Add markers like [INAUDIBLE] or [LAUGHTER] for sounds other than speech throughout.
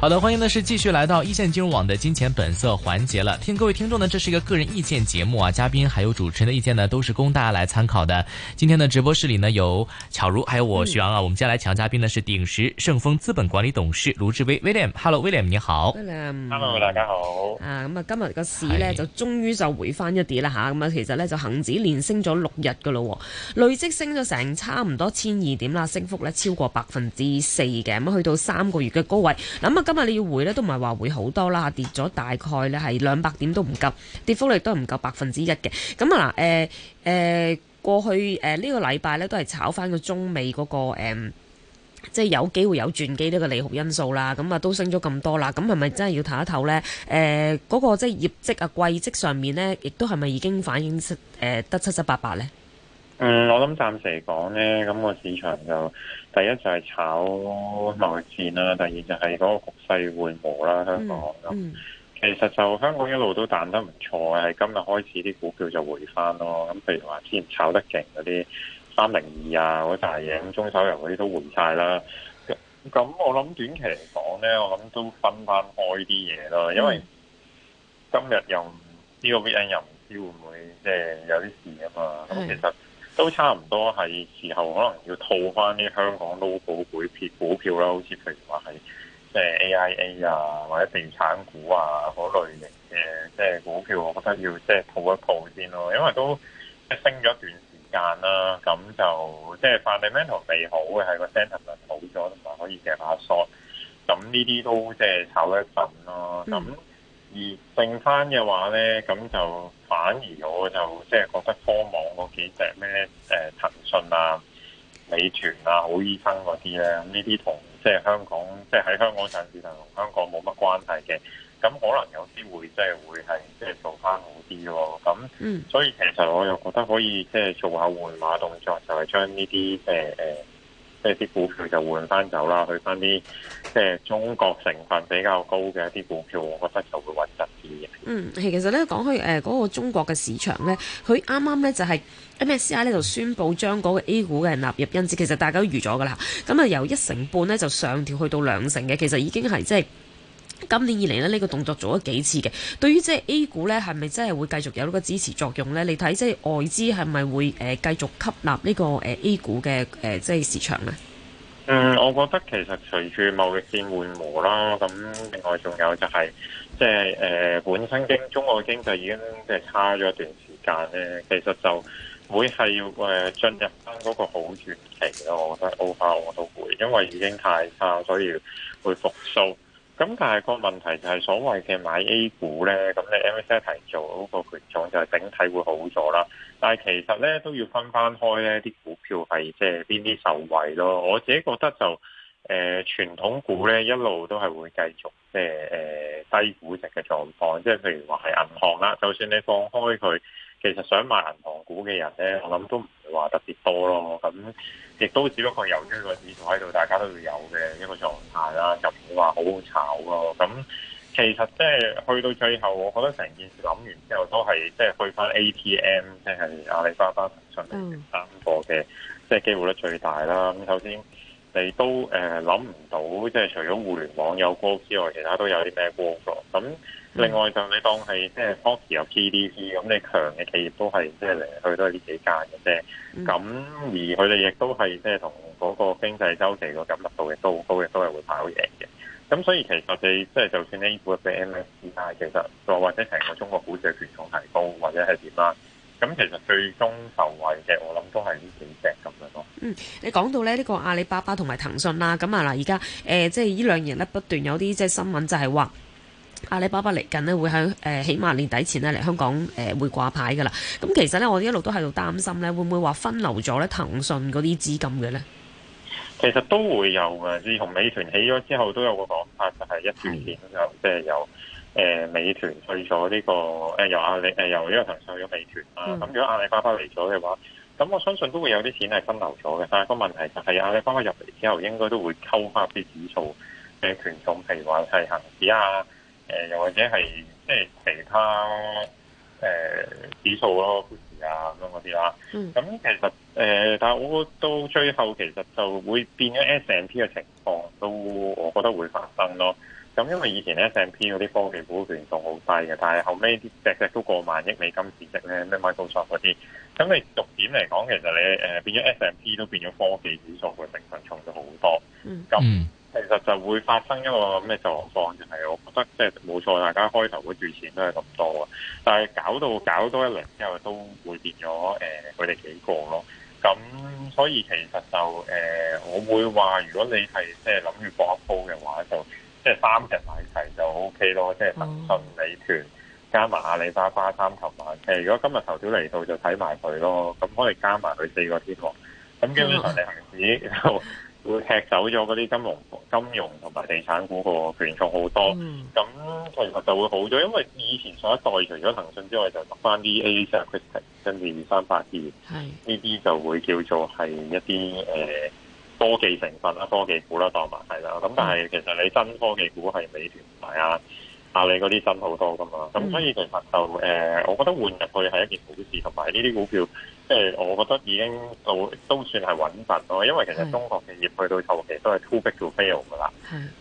好的，歡迎呢是繼續來到一線金融網的金錢本色環節了。聽各位聽眾呢，這是一個個人意見節目啊，嘉賓還有主持人的意見呢，都是供大家來參考的。今天的直播室裏呢，有巧如，還有我徐昂、嗯、啊。我們接下來請嘉賓呢是鼎石盛豐資本管理董事盧志威 William。Hello，William，你好。William，Hello，大家好。啊，咁、嗯、啊今日個市呢，哎、就終於就回翻一啲啦吓，咁啊、嗯、其實呢，就恒指連升咗六日噶咯，累積升咗成差唔多千二點啦，升幅呢超過百分之四嘅，咁去到三個月嘅高位。咁啊今咁啊，因為你要回咧都唔係話回好多啦，跌咗大概咧係兩百點都唔夠，跌幅亦都唔夠百分之一嘅。咁啊嗱，誒誒、呃呃，過去誒、呃這個、呢個禮拜咧都係炒翻個中美嗰、那個誒、呃，即係有機會有轉機呢個利好因素啦。咁啊都升咗咁多啦，咁係咪真係要睇一透咧？誒、呃，嗰、那個即係業績啊、季績上面咧，亦都係咪已經反映出誒得七七八八咧？嗯，我諗暫時嚟講咧，咁、那個市場就第一就係炒內戰啦，第二就係嗰個局勢緩和啦，香港咁。嗯嗯嗯、其實就香港一路都彈得唔錯嘅，係今日開始啲股票就回翻咯。咁譬如話之前炒得勁嗰啲三零二啊嗰啲嘢，咁中手游嗰啲都回晒啦。咁我諗短期嚟講咧，我諗都分翻開啲嘢咯，因為今日又呢、這個 V n 又唔知會唔會即係有啲事啊嘛。咁其實。嗯嗯都差唔多係時候，可能要套翻啲香港 low 股股票股票啦，好似譬如話係即係 AIA 啊，或者地產股啊嗰類型嘅即係股票，我覺得要即係套一套先咯，因為都即升咗一段時間啦，咁就即係、就是、fundamental 未好，嘅係個 sentiment 好咗，同埋可以夾把梭，咁呢啲都即係炒一陣咯，咁。嗯而剩翻嘅話咧，咁就反而我就即係覺得科網嗰幾隻咩誒騰訊啊、美團啊、好醫生嗰啲咧，呢啲同即係香港即係喺香港上市同香港冇乜關係嘅，咁可能有啲會即係會係即係做翻好啲咯。咁，所以其實我又覺得可以即係做下換馬動作，就係將呢啲誒誒。呃即係啲股票就換翻走啦，去翻啲即係中國成分比較高嘅一啲股票，我覺得就會穩陣啲嘅。嗯，其實呢，講開誒嗰個中國嘅市場呢，佢啱啱呢就係、是、MSCI 呢度宣布將嗰個 A 股嘅納入因子，其實大家都預咗噶啦。咁、嗯、啊由一成半呢就上調去到兩成嘅，其實已經係即係。今年以嚟咧，呢、這個動作做咗幾次嘅。對於即係 A 股呢，係咪真係會繼續有呢個支持作用呢？你睇即係外資係咪會誒繼、呃、續吸納呢個誒 A 股嘅誒、呃、即係市場呢？嗯，我覺得其實隨住貿易戰緩和啦，咁另外仲有就係、是、即係誒、呃、本身經中國經濟已經即係差咗一段時間呢，其實就會係要誒進入翻嗰個好轉期咯。我覺得 over 我都會，因為已經太差，所以會復甦。咁但係個問題就係所謂嘅買 A 股咧，咁你 MSCI 係做嗰個權重就係整體會好咗啦。但係其實咧都要分翻開咧啲股票係即係邊啲受惠咯。我自己覺得就誒、呃、傳統股咧一路都係會繼續即係誒低估值嘅狀況。即係譬如話係銀行啦，就算你放開佢，其實想買銀行股嘅人咧，我諗都唔～話特別多咯，咁亦都只不過由於個指數喺度，大家都會有嘅一個狀態啦，就唔會話好炒咯。咁其實即係去到最後，我覺得成件事諗完之後，都係即係去翻 ATM，即係阿里巴巴、騰訊、嗯，三個嘅即係機會率最大啦。咁首先你都誒諗唔到，即係除咗互聯網有歌之外，其他都有啲咩歌㗎？咁另外就你當係即係 Fox 又 PDC 咁，你強嘅企業都係即係嚟嚟去去都係呢幾間嘅啫。咁、嗯、而佢哋亦都係即係同嗰個經濟週期個敏感度亦都好高，亦都係會跑贏嘅。咁所以其實你即係就算 A 股嘅 MSCI 但啊，其實或或者成個中國股市嘅權重提高或者係點啦，咁其實最終受惠嘅我諗都係呢幾隻咁樣咯、啊。嗯，你講到咧呢個阿里巴巴同埋騰訊啦，咁啊嗱而家誒即係呢兩年咧不斷有啲即係新聞就係話。阿里巴巴嚟緊咧，會喺誒起碼年底前咧嚟香港誒會掛牌㗎啦。咁其實咧，我哋一路都喺度擔心咧，會唔會話分流咗咧騰訊嗰啲資金嘅咧？其實都會有啊！自從美團起咗之後，都有個講法就係、是、一轉變都即係有誒美團去咗呢、這個誒、呃、由阿里誒、呃、由呢個騰訊去咗美團啊。咁、嗯、如果阿里巴巴嚟咗嘅話，咁我相信都會有啲錢係分流咗嘅。但係個問題就係阿里巴巴入嚟之後，應該都會抽翻啲指數嘅權重，譬如話係恆指啊。誒又、呃、或者係即係其他誒、呃、指數咯，股市啊咁嗰啲啦。咁、嗯嗯嗯、其實誒、呃，但係我到最後其實就會變咗 S&P 嘅情況，都我覺得會發生咯。咁、嗯嗯、因為以前 S&P 嗰啲科技股權仲好低嘅，但係後尾隻隻都過萬億美金市值咧，咩 Microsoft 嗰啲、嗯。咁你逐點嚟講，其實你誒變咗 S&P 都變咗科技指數嘅成分重咗好多。嗯。咁、嗯。嗯。其實就會發生一個咩狀況？就係、是、我覺得即係冇錯，大家開頭嘅住錢都係咁多啊，但係搞到搞多一輪之後，都會變咗誒，佢、呃、哋幾個咯。咁所以其實就誒、呃，我會話如果你係即係諗住搏一鋪嘅話，就即係三隻買齊就 O、OK、K 咯。即係騰訊、美團加埋阿里巴巴三頭馬。誒，如果今日頭條嚟到就睇埋佢咯。咁我哋加埋佢四個天王。咁基本上你恒指 [LAUGHS] 會踢走咗嗰啲金融、金融同埋地產股個權重好多，咁、嗯、其實就會好咗，因為以前上一代除咗騰訊之外，就落翻啲 A share、Christie 跟住二三八二，呢啲就會叫做係一啲誒、呃、科技成分啦、科技股啦當埋係啦，咁、嗯、但係其實你新科技股係美團、同埋阿里嗰啲新好多噶嘛，咁、嗯、所以其實就誒、呃，我覺得換入去係一件好事，同埋呢啲股票。即係我覺得已經到都算係穩陣咯，因為其實中國企業去到後期都係 too big to fail 噶啦。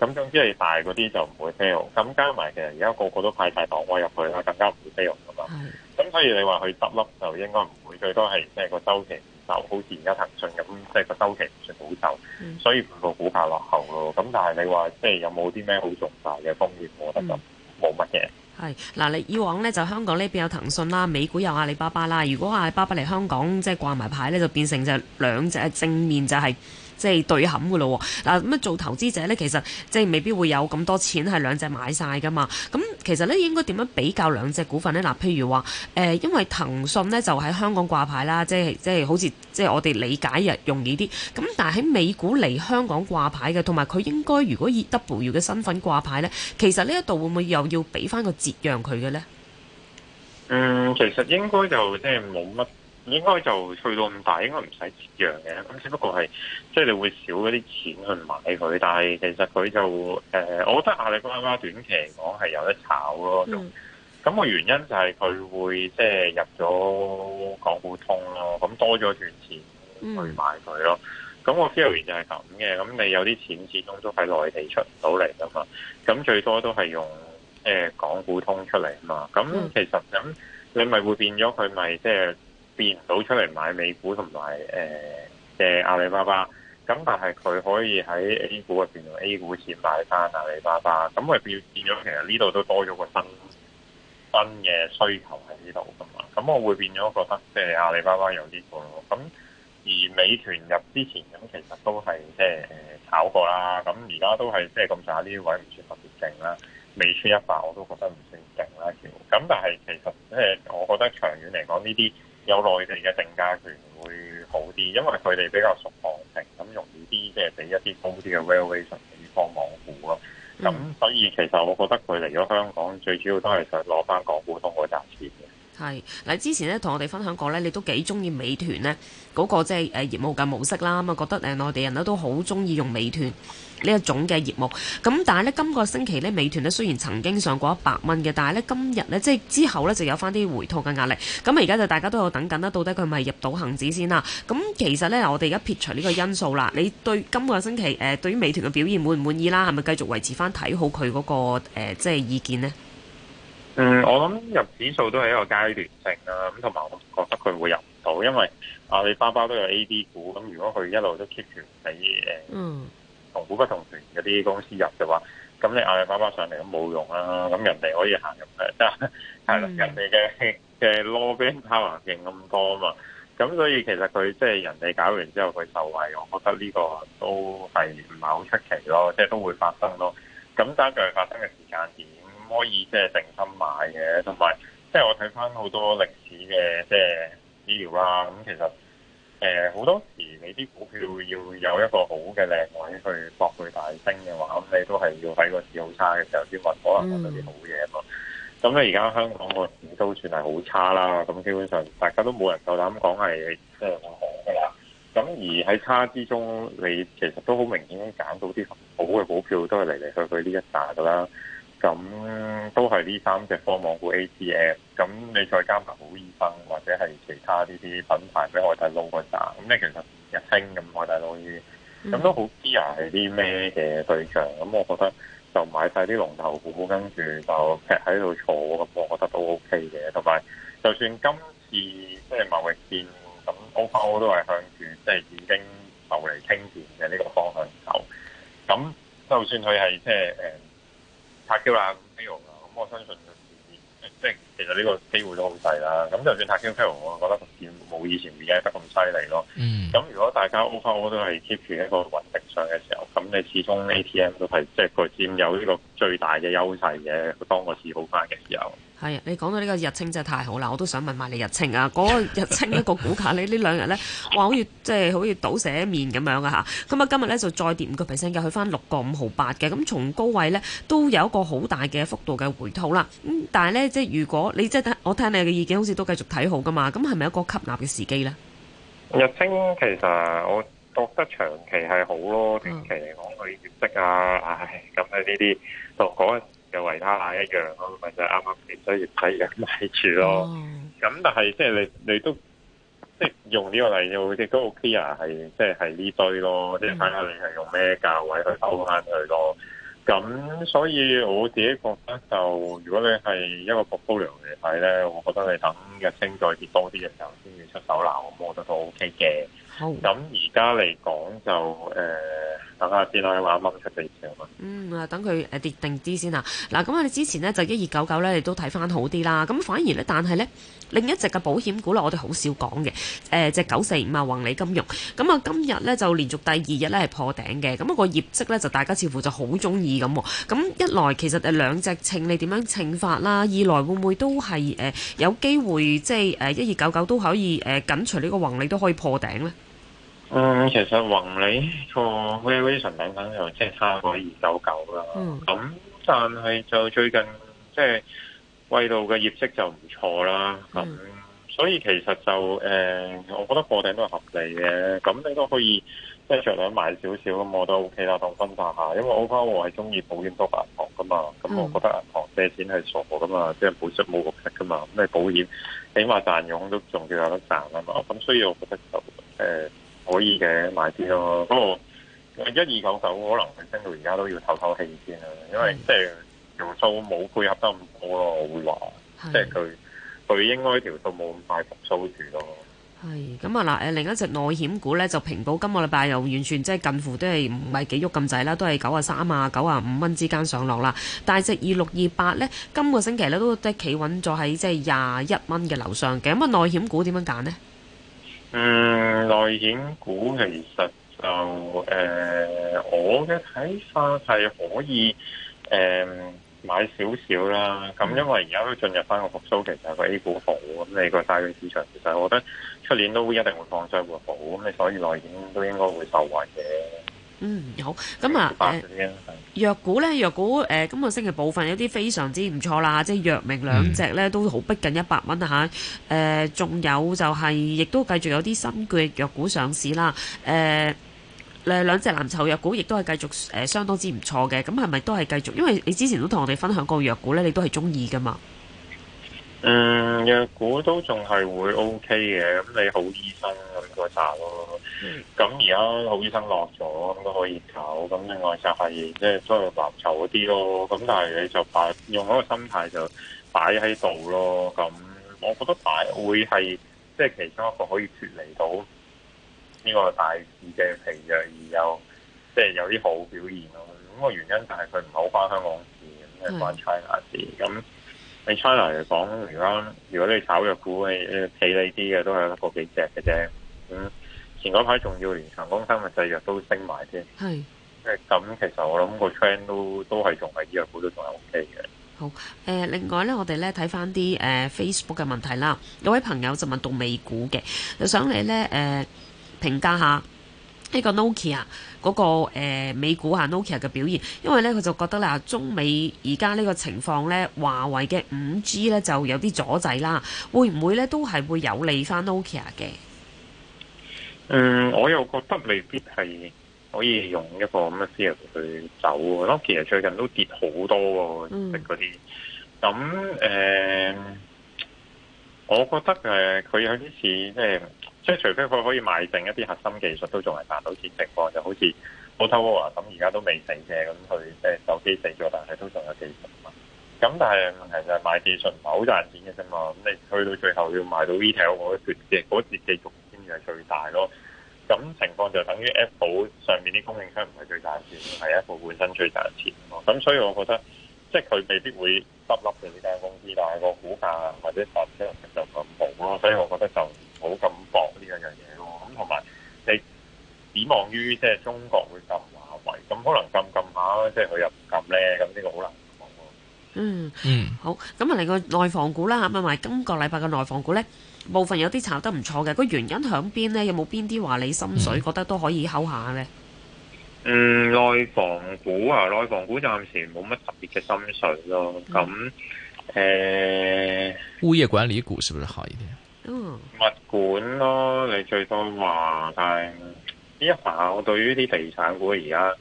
咁是的 總之你大嗰啲就唔會 fail。咁加埋其實而家個個都派曬檔位入去啦，更加唔會 fail 噶嘛。咁是的 所以你話佢執笠就應該唔會，最多係即係個週期唔夠，好似而家騰訊咁，即係、就是、個週期唔算好受，是的 所以個股價落後咯。咁但係你話即係有冇啲咩好重大嘅風險，我覺得就冇乜嘢。是的 係，嗱，你以往咧就香港呢邊有騰訊啦，美股有阿里巴巴啦。如果阿里巴巴嚟香港即係掛埋牌咧，就變成就兩隻正面就係、是。即係對冚嘅咯喎，嗱，咁啊做投資者呢，其實即係未必會有咁多錢係兩隻買晒嘅嘛。咁、啊、其實呢，應該點樣比較兩隻股份呢？嗱、啊，譬如話誒、呃，因為騰訊呢，就喺香港掛牌啦，即係即係好似即係我哋理解又容易啲。咁但係喺美股嚟香港掛牌嘅，同埋佢應該如果以、e、W 嘅身份掛牌呢，其實呢一度會唔會又要俾翻個折讓佢嘅呢？嗯，其實應該就即係冇乜。應該就去到咁大，應該唔使折讓嘅。咁只不過係，即係你會少嗰啲錢去買佢，但係其實佢就誒、呃，我覺得阿里巴巴短期嚟講係有得炒咯。咁個、嗯、原因就係佢會即係入咗港股通咯，咁多咗啲錢去買佢咯。咁我 feel 完就係咁嘅。咁你有啲錢始終都喺內地出唔到嚟㗎嘛？咁最多都係用誒、呃、港股通出嚟啊嘛。咁其實咁你咪會變咗佢咪即係？變唔到出嚟買美股同埋誒嘅阿里巴巴，咁但係佢可以喺 A 股入邊用 A 股錢買翻阿里巴巴，咁咪變變咗其實呢度都多咗個新新嘅需求喺呢度噶嘛，咁我會變咗覺得即係阿里巴巴有啲喎，咁而美團入之前咁其實都係即係誒炒過啦，咁而家都係即係咁上下呢啲位唔算特別勁啦，未出一百我都覺得唔算勁啦叫，咁但係其實即係、呃、我覺得長遠嚟講呢啲。有內地嘅定價權會好啲，因為佢哋比較熟行情，咁容易啲，即係俾一啲高啲嘅 valuation 嚟放港股咯。咁、mm. 嗯、所以其實我覺得佢嚟咗香港，最主要都係想攞翻港股多嗰紮錢嘅。係，嗱之前咧同我哋分享過咧，你都幾中意美團咧嗰、那個即係誒業務嘅模式啦，咁啊覺得誒、呃、內地人咧都好中意用美團呢一種嘅業務。咁但係咧今個星期咧，美團咧雖然曾經上過一百蚊嘅，但係咧今日咧即係之後咧就有翻啲回吐嘅壓力。咁啊而家就大家都有等緊啦，到底佢係咪入到恆指先啦。咁其實咧，我哋而家撇除呢個因素啦，你對今個星期誒、呃、對於美團嘅表現滿唔滿意啦？係咪繼續維持翻睇好佢嗰、那個、呃呃、即係意見呢？嗯，mm. 我諗入指數都係一個階段性啦、啊，咁同埋我唔覺得佢會入唔到，因為阿里巴巴都有 AD 股，咁如果佢一路都 keep 住喺誒，嗯，同股不同權嗰啲公司入嘅話，咁你阿里巴巴上嚟都冇用啦、啊，咁人哋可以行入去得，係啦， [LAUGHS] 人哋嘅嘅 lobby power 勁咁多啊嘛，咁所以其實佢即係人哋搞完之後佢受惠，我覺得呢個都係唔係好出奇咯，即、就、係、是、都會發生咯，咁爭在發生嘅時間點。可以即係定心買嘅，同埋即係我睇翻好多歷史嘅即係資料啦。咁其實誒好、呃、多時你啲股票要有一個好嘅靚位去博佢大升嘅話，咁、嗯、你都係要喺個市好差嘅時候先揾，問可能揾到冇嘢咯。咁你而家香港個市都算係好差啦，咁基本上大家都冇人夠膽講係即係好嘅啦。咁而喺差之中，你其實都好明顯揀到啲好嘅股票，都係嚟嚟去去呢一打㗎啦。咁都係呢三隻科網股 ATM，咁你再加埋好醫生或者係其他呢啲品牌畀我哋攞個單，咁你其實日清咁我哋攞住，咁都好 e a 係啲咩嘅對象？咁我覺得就買晒啲龍頭股，跟住就劈喺度坐，咁我覺得都 OK 嘅。同埋就算今次即係貿易戰咁，OFO 都係向住即係已經流嚟傾跌嘅呢個方向走。咁就算佢係即係誒。呃拍 Q 啦 a i 啦，咁我相信即係其實呢個機會都好細啦。咁就算拍 Q a i 我覺得逐冇以前理解得咁犀利咯。咁如果大家 over 都係 keep 住一個穩定上嘅時候，咁你始終 ATM 都係即係佢佔有呢個最大嘅優勢嘅，當個事好翻嘅時候。係啊，你講到呢個日清真係太好啦！我都想問埋你日清啊，嗰個日清一個股價你呢兩日咧，哇，好似即係好似倒瀉麵咁樣嘅吓，咁啊，今日咧就再跌五個 percent 嘅，去翻六個五毫八嘅。咁從高位咧都有一個好大嘅幅度嘅回吐啦。咁但係咧，即係如果你即係我聽你嘅意見，好似都繼續睇好嘅嘛。咁係咪一個吸納嘅時機咧？日清其實我覺得長期係好咯，短期嚟講佢業績啊，唉、哎，咁喺呢啲就就維他奶一樣咯，或者啱啱啲，所以睇人買住咯。咁但係即係你，你都即係用呢個例子，亦都 OK 啊。係即係係呢堆咯，即係睇下你係用咩價位去收翻佢咯。咁所以我自己覺得就，如果你係一個搏高量嚟睇咧，我覺得你等日清再跌多啲嘅時候先要出手啦。咁我覺得都 OK 嘅。咁而家嚟講就誒，等下先啦，佢話啱啱出第二隻啊，嗯啊，等佢誒跌定啲先啊。嗱，咁我哋之前呢，就一二九九咧，你都睇翻好啲啦。咁反而咧，但係咧另一隻嘅保險股咧，我哋好少講嘅誒，隻九四五啊，宏利金融咁啊，今日咧就連續第二日咧係破頂嘅。咁個業績咧就大家似乎就好鍾意咁。咁一來其實誒兩隻凈你點樣凈法啦，二來會唔會都係誒、呃、有機會即係誒一二九九都可以誒緊隨呢個宏利都可以破頂咧？嗯，其實宏理個 version 頂頂又即係差咗二九九啦。咁、嗯、但係就最近即係季度嘅業績就唔錯啦。咁、嗯嗯、所以其實就誒、呃，我覺得個頂都係合理嘅。咁你都可以即係着兩買少少咁，我都 O K 啦，當分散下。因為我反而係中意保險多銀行噶嘛。咁我覺得銀行借錢係傻噶嘛，即係保息冇息噶嘛。咁你保險起碼賺佣都仲要有得賺啊嘛。咁所以我覺得就誒。呃可以嘅，買啲咯。不過一二九九可能佢升到而家都要透透氣先啦，因為是即係條數冇配合得咁好咯，會滑是。即係佢佢應該條數冇咁快復甦住咯。係咁啊嗱，誒另一隻內險股咧就平保，今個禮拜又完全即係近乎都係唔係幾喐咁滯啦，都係九啊三啊九啊五蚊之間上落啦。大係隻二六二八咧，今個星期咧都都企穩咗喺即係廿一蚊嘅樓上嘅。咁啊，內險股點樣揀呢？嗯，內險股其實就誒、呃，我嘅睇法係可以誒、呃、買少少啦。咁、嗯嗯、因為而家都進入翻個復甦，其實個 A 股好咁，你個大市市場其實我覺得出年都會一定會放水會好咁，你所以內險都應該會受惠嘅。嗯，好。咁啊，誒、呃，藥股呢？藥股誒、呃，今個星期部分有啲非常之唔錯啦，即係藥明兩隻咧，都好逼近一百蚊啊吓。誒，仲有就係、是，亦都繼續有啲新嘅藥股上市啦。誒，誒，兩隻藍籌藥股亦都係繼續誒、呃，相當之唔錯嘅。咁係咪都係繼續？因為你之前都同我哋分享過藥股呢，你都係中意噶嘛？嗯，藥股都仲係會 O K 嘅，咁、嗯、你好醫生嗰個渣咯。咁而家好醫生落咗，咁都可以搞。咁另外就係即係都係藍籌嗰啲咯。咁但係你就擺用嗰個心態就擺喺度咯。咁、嗯、我覺得擺會係即係其中一個可以脫離到呢個大市嘅疲弱，而有即係、就是、有啲好表現咯。咁、嗯、個、嗯、原因就係佢唔好翻香港市，咁係翻 China 市咁。嗯喺 China 嚟講，如果如果你炒藥股，誒疲憊啲嘅，都係一個幾隻嘅啫。咁、嗯、前嗰排仲要連長江生物製藥都升埋啫。係即咁。其實我諗個 train 都都係仲係啲藥股都仲係 O K 嘅。好誒、呃，另外咧，我哋咧睇翻啲誒 Facebook 嘅問題啦。有位朋友就問到美股嘅，就想你咧誒、呃、評價下呢個 Nokia。嗰個誒美股啊，Nokia 嘅表現，因為咧佢就覺得啦，中美而家呢個情況咧，華為嘅五 G 咧就有啲阻滯啦，會唔會咧都係會有利翻 Nokia 嘅？嗯，我又覺得未必係可以用一個 message 去走，Nokia 最近都跌好多喎，即嗰啲咁誒。我覺得誒，佢有啲似即係，即係除非佢可以賣剩一啲核心技術，都仲係賺到錢情況，就好似 Apple 咁，而家都未死嘅，咁佢誒手機死咗，但係都仲有技術嘛。咁但係問題就係、是、賣技術唔係好賺錢嘅啫嘛。咁你去到最後要賣到 retail 嗰啲決戰，嗰次繼續先係最大咯。咁情況就等於 Apple 上面啲供應商唔係最賺錢，係 Apple 本身最賺錢。咁所以我覺得。即係佢未必會執笠嘅呢間公司，但係個股價或者投資價值就咁好咯，所以我覺得就唔好咁搏呢一樣嘢咯。咁同埋你指望於即係中國會撳華為，咁可能撳撳下，即係佢又唔撳咧，咁呢個好難講咯。嗯嗯，嗯好。咁啊，嚟個內房股啦嚇，咁埋今個禮拜嘅內房股咧，部分有啲炒得唔錯嘅，個原因響邊咧？有冇邊啲話你心水，覺得都可以 hold 下咧？嗯，內房股啊，內房股暫時冇乜特別嘅心水咯。咁、嗯，誒，呃、物業管理股是不是好一啲？嗯，物管咯，你最多話，但呢一下我對於啲地產股而家，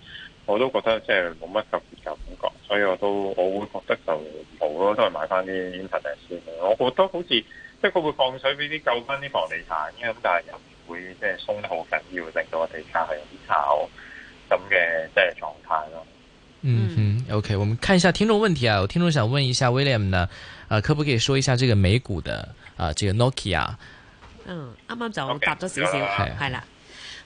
我都覺得即係冇乜特別嘅感覺，所以我都我會覺得就冇好咯，都係買翻啲 internet 先。我覺得好似即係佢會放水俾啲救翻啲房地產，咁但係又唔會即係鬆得好緊要，令到個地產係咁炒。咁嘅即係狀態咯。嗯哼，OK，我們看一下聽眾問題啊。有聽眾想問一下 William 呢，啊、呃，可唔可以說一下這個美股的啊、呃，這個 Nokia？、Ok、嗯，啱啱就答咗少少，係、OK, 是啦，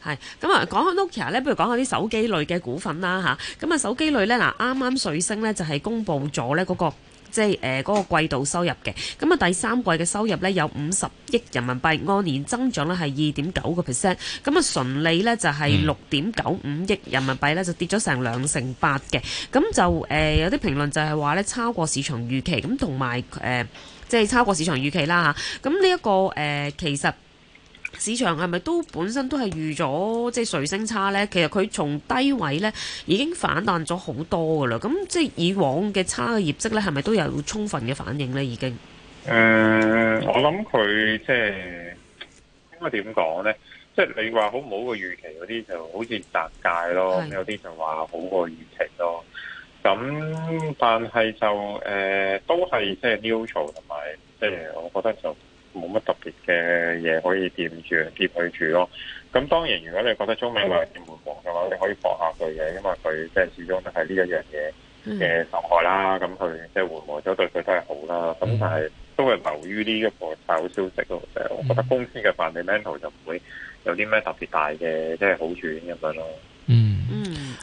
係。咁、嗯、啊，講下 Nokia、ok、咧，不如講下啲手機類嘅股份啦吓。咁啊、嗯，手機類咧，嗱，啱啱瑞聲咧就係、是、公布咗咧嗰個。即係誒嗰個季度收入嘅，咁啊第三季嘅收入呢，有五十億人民幣，按年增長呢係二點九個 percent，咁啊純利呢，就係六點九五億人民幣呢就跌咗成兩成八嘅，咁就誒、呃、有啲評論就係話呢，超過市場預期，咁同埋誒即係超過市場預期啦吓，咁呢一個誒、呃、其實。市場係咪都本身都係預咗即係瑞聲差咧？其實佢從低位咧已經反彈咗好多噶啦。咁即係以往嘅差嘅業績咧，係咪都有充分嘅反應咧？已經誒，我諗佢即係應該點講咧？即係你話好唔好過預期嗰啲，就好似窄界咯；的有啲就話好過預期咯。咁但係就誒、呃，都係即係 neutral 同埋，即係我覺得就。冇乜特別嘅嘢可以掂住接佢住咯。咁當然，如果你覺得中美兩市緩和嘅話，你可以博下佢嘅，因為佢即係始終都係呢一樣嘢嘅受害啦。咁佢、嗯、即係緩和咗，對佢、嗯、都係好啦。咁但係都係流於呢一個大好消息咯。即、嗯、我覺得公司嘅 fundamental 就唔會有啲咩特別大嘅即係好處咁樣咯。嗯嗯。嗯嗯。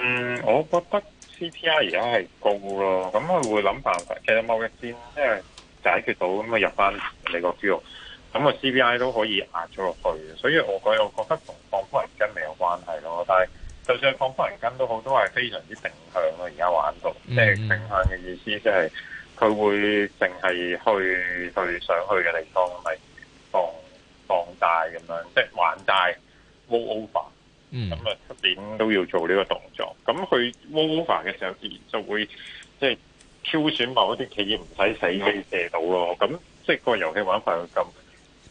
嗯，我覺得 CPI 而家係高咯，咁佢會諗辦法，其實某一先，即係解決到咁啊入翻你個豬肉，咁啊 CPI 都可以壓咗落去，所以我我又覺得同放寬銀根未有關係咯。但係就算放寬銀根都好，都係非常之定向咯。而家玩到，即係、嗯嗯、定向嘅意思即係佢會淨係去去想去嘅地方嚟放放大咁樣，即、就、係、是、玩大 over 咁啊、嗯。點、嗯、都要做呢個動作，咁佢 over 嘅時候自然就會即係挑選某一啲企業唔使死可以借到咯。咁即係個遊戲玩法會咁，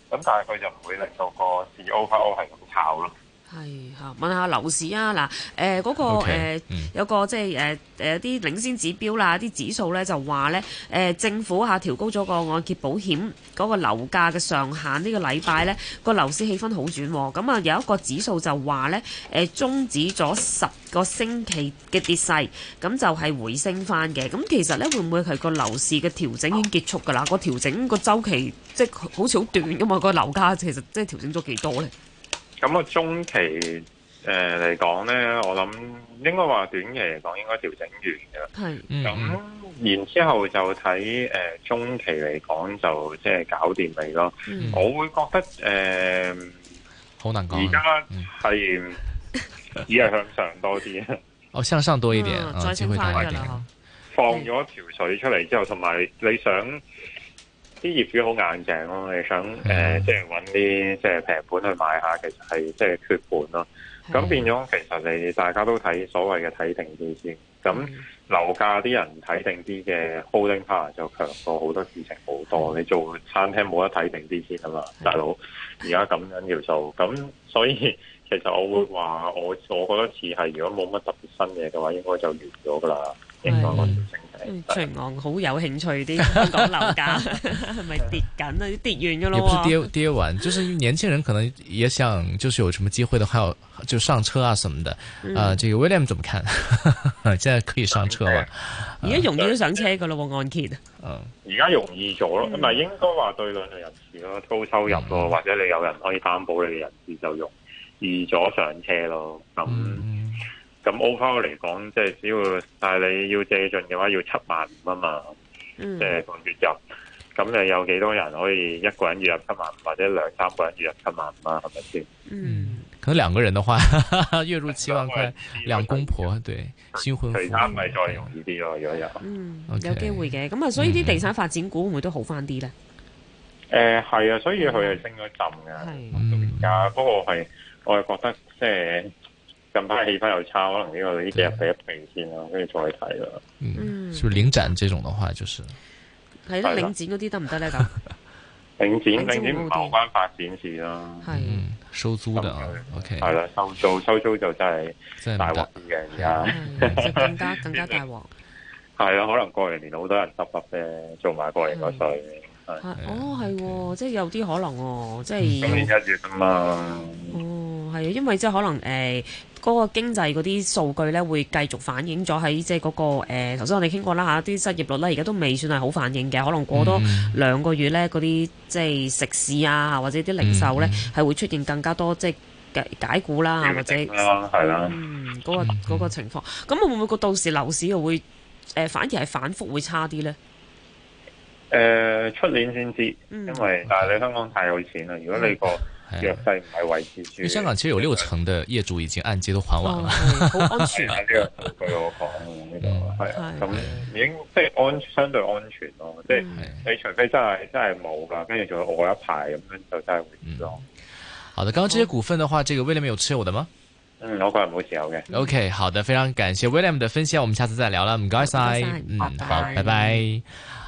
咁但係佢就唔會令到個自 over，係咁炒咯。係吓，問下樓市啊！嗱，誒、那、嗰個 okay,、呃、有個即係誒誒啲領先指標啦，啲指數咧就話咧，誒、呃、政府下、啊、調高咗個按揭保險嗰個樓價嘅上限個呢個禮拜咧，那個樓市氣氛好轉、哦。咁啊有一個指數就話咧，誒、呃、終止咗十個星期嘅跌勢，咁就係回升返嘅。咁其實咧會唔會係個樓市嘅調整已經結束㗎啦？那個調整個週期即係好似好短㗎嘛？那個樓價其實即係調整咗幾多咧？咁啊中期誒嚟講咧，我諗應該話短期嚟講應該調整完噶啦。係，咁、嗯、然之後就睇誒中期嚟講就即係搞掂嚟咯。嗯、我會覺得誒，呃、好難講。而家係只係向上多啲啊， [LAUGHS] [LAUGHS] 哦，向上多一點，機會多一點，放咗一條水出嚟之後，同埋你，你想。啲業主好硬鏡咯，啊，你想誒，呃、即係揾啲即係平盤去買下，其實係即係缺盤咯，啊。咁的變咗其實你大家都睇所謂嘅睇定啲先。咁的樓價啲人睇定啲嘅 holding power 就強過好多事情好多。的你做餐廳冇得睇定啲先啊嘛，的大佬。而家咁樣要做咁，所以其實我會話我我覺得似係如果冇乜特別新嘢嘅話，應該就完咗㗎啦。秦昂，好有興趣，啲香港樓價係咪跌緊啊？跌完噶咯，也不跌，跌完，就是年輕人可能也想，就是有什麼機會都還有，就上車啊什麼的。啊，這個 William 怎麼看？現在可以上車嗎？而家容易上車噶咯，按揭。嗯，而家容易咗咯，咁啊應該話對兩類人士咯，高收入或者你有人可以擔保你嘅人士就容易咗上車咯。咁。咁 overall 嚟講，即係只要但係你要借進嘅話，要七萬五蚊嘛，即係個月入。咁誒，有幾多人可以一個人月入七萬五或者兩三個人月入七萬五嘛？係咪先？嗯，嗯可能兩個人嘅話， [LAUGHS] 月入七萬塊，嗯、兩公婆對，少款。其他咪再容易啲咯，嗯、如果有。Okay, 嗯，有機會嘅。咁啊，所以啲地產發展股會唔會都好翻啲咧？誒，係啊，所以佢係升咗浸㗎，到而家。不過係，我係覺得即係。近排氣氛又差，可能呢個呢幾日睇一平先啦，跟住再睇咯。嗯，是不是領展這種嘅話，就是係咯，領展嗰啲得唔得咧？領展領展唔係關發展事啦。係收租的 OK，係啦，收租收租就真係大鑊嘅而家，即更加更加大鑊。係啊，可能過年年好多人執笠啫，做埋過年個稅。哦，係喎，即係有啲可能喎，即係一年一次啫嘛。係，因為即係可能誒嗰、呃那個經濟嗰啲數據咧，會繼續反映咗喺即係嗰個誒，頭、呃、先我哋傾過啦嚇，啲、啊、失業率咧而家都未算係好反映嘅，可能過多兩個月咧，嗰啲即係食肆啊，或者啲零售咧，係會出現更加多即係解解，解僱啦、啊，或者係啦，係啦，嗰個情況，咁會唔會個到時樓市又會誒、呃、反而係反覆會差啲咧？誒、呃，出年先知，因為但係你香港太有錢啦，如果你個、嗯。香港其實有六成的業主已經按揭都還完了，安全呢個對我講呢個係啊，咁、這個、已經即係安相對安全咯，即係、嗯、你除非真係真係冇噶，跟住仲要餓一排咁樣就真係會跌咯。好的，剛剛這些股份的話，這個威廉有持有的嗎？嗯，我個人冇持有嘅。OK，好的，非常感謝威廉 l 的分析，我們下次再聊啦，唔該晒，拜拜，嗯，好，拜拜。